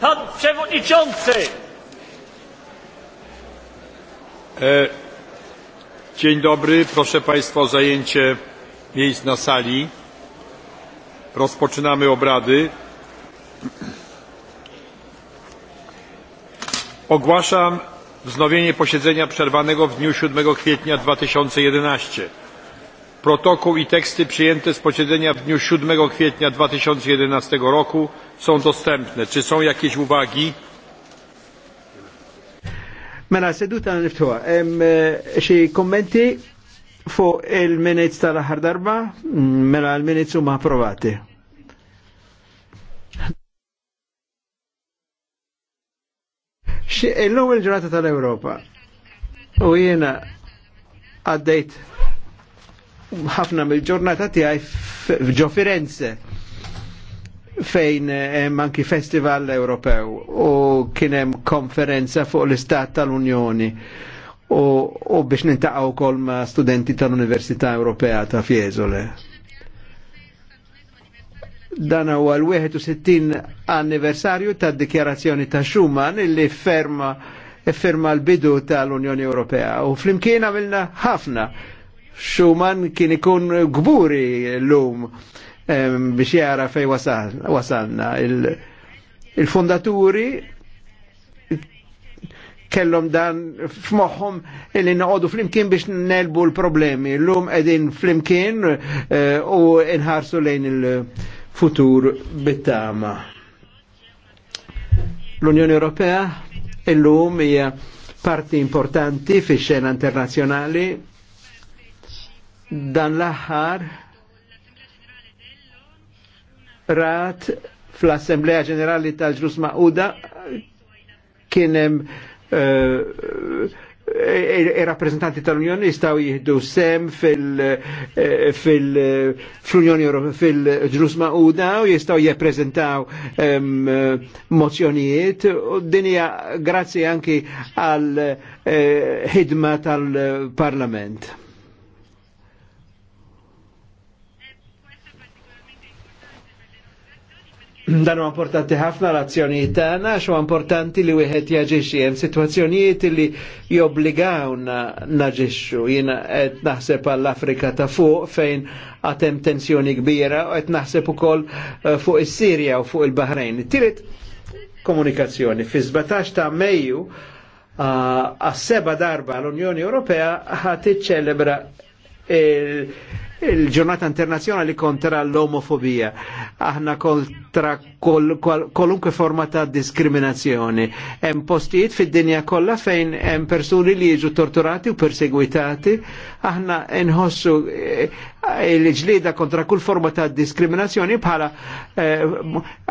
Pan Przewodniczący! E, dzień dobry, proszę Państwa o zajęcie miejsc na sali. Rozpoczynamy obrady. Ogłaszam wznowienie posiedzenia przerwanego w dniu 7 kwietnia 2011. Protokół i teksty przyjęte z posiedzenia w dniu 7 kwietnia 2011 roku są dostępne. Czy są jakieś uwagi? Mela, seduta niftuħa. Eh, xi kommenti fu il-minutes tal-aħħar darba? Mm, mela, il-minutes huma approvati. Illum il-ġurnata tal-Ewropa. U jiena għaddejt ħafna mill-ġurnata tiegħi ġo Firenze fejn eh, hemm anki festival Ewropew u kien hemm konferenza fuq l-istat tal-Unjoni u, u biex nintaqgħu wkoll ma' studenti tal-Università Ewropea ta' Fiesole. Dan huwa l-61 anniversarju tad-dikjarazzjoni ta' Schumann illi ferma, e ferma l-bidu tal-Unjoni Ewropea u flimkien għamilna ħafna Schumann kien ikun gburi l-lum biex jara fej wasalna. Il-fondaturi kellhom dan f'moħħom li noqogħdu flimkien biex nelbu l-problemi. Llum qegħdin flimkien eh, u inħarsu lejn il-futur bittama. L-Unjoni Ewropea illum hija parti importanti fi xena internazzjonali Dan l-aħħar rat fl-Assemblea Ġenerali tal ġrus Maquda kienem uh, eh, il-rappresentanti eh, tal-Unjoni jistaw jihdu sem fil-Unjoni fil, eh, unjoni fil ġrus ġlus u jistaw jeprezentaw ehm, mozzjonijiet u dinja grazzi anki għal ħidma tal-Parlament. dan huwa importanti ħafna l-azzjonijiet tagħna xu importanti li wieħed jaġixxi hemm sitwazzjonijiet li jobbligawna naġixxu. Jiena qed naħseb għall-Afrika ta' fuq fejn għad hemm tensjoni kbira u qed naħseb ukoll eh, fuq is-Sirja u fuq il bahrejn Tiret komunikazzjoni fi 17 ta' Mejju eh, għas-seba darba l-Unjoni Ewropea ħadd iċċelebra il-ġurnata internazjonali kontra l-omofobija. Aħna kontra kolunkwe forma ta' diskriminazzjoni. Hemm postijiet fid-dinja kollha fejn hemm persuni li jiġu torturati u persegwitati. Aħna nħossu eh, Eh, il-ġlida kontra kull forma ta' diskriminazzjoni bħala eh,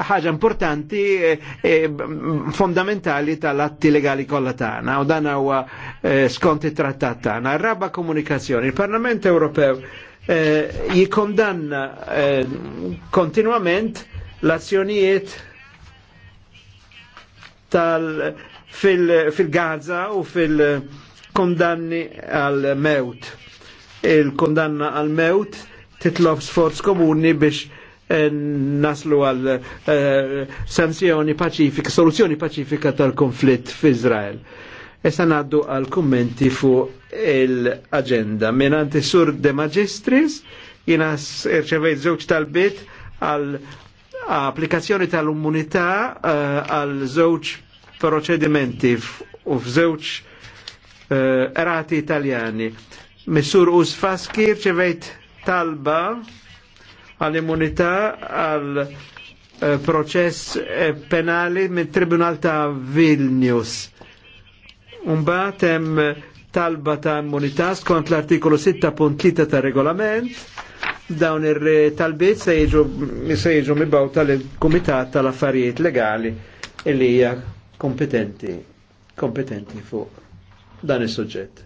ħaġa importanti eh, fondamentali tal-atti legali kollha tagħna u dan huwa skont it-trattat tagħna. Raba komunikazzjoni. Il-Parlament Ewropew jikondanna kontinwament l-azzjonijiet fil-Gaza u fil-kondanni għal-mewt il-kondanna għal-mewt titlob sforz komuni biex eh, naslu għal eh, sanzjoni pacifika, soluzzjoni paċifika tal-konflitt fi Izrael. Issa naddu għal kummenti fu l agenda Minant sur de magistris, jina irċevejt zewċ tal-bit għal applikazzjoni tal-immunità eh, għal żewġ procedimenti u f'żewġ erati italjani. Missur Usfaski rċevejt talba għall-immunità għal eh, proċess eh, penali mit tribunal ta' Vilnius. Umbat hemm talba ta' immunità skont l-artikolu 6.3 ta' regolament dawn ir-talbiet se jiġu se jiġu mibgħu tal-Kumitat tal-Affarijiet Legali li hija kompetenti kompetenti fuq dan is-suġġett.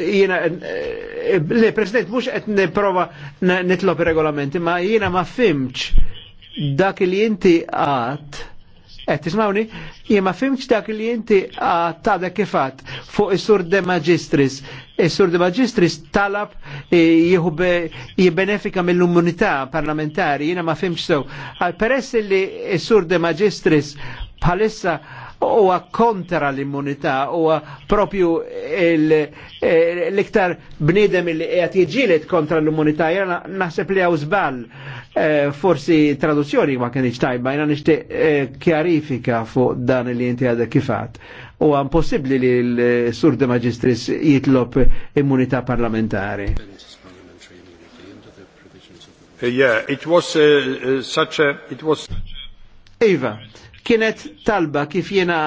jina, eh, le, President, mux qed niprofa nitlob regolamenti, ma jina ma fimċ dak li inti għat, qed eh, tismawni, jina ma fimċ dak li inti għat ta' dak kifat fuq is-sur de magistris. Is-sur de magistris talab eh, jibbenefika mill-immunità parlamentari, jina ma fimx sew. Għal peress li is-sur de magistris palissa huwa kontra l-immunità, huwa propju eh, l-iktar bnidem li qed jiġilet kontra l-immunità, jiena naħseb li hawn żball eh, forsi traduzzjoni ma kienx tajba, jiena nixtieq eh, kjarifika fuq dan li inti għadha kifat. Huwa impossibbli li l-sur de magistris jitlob immunità parlamentari. Yeah, it was uh, such a, it was... Iva, Kienet talba kif jiena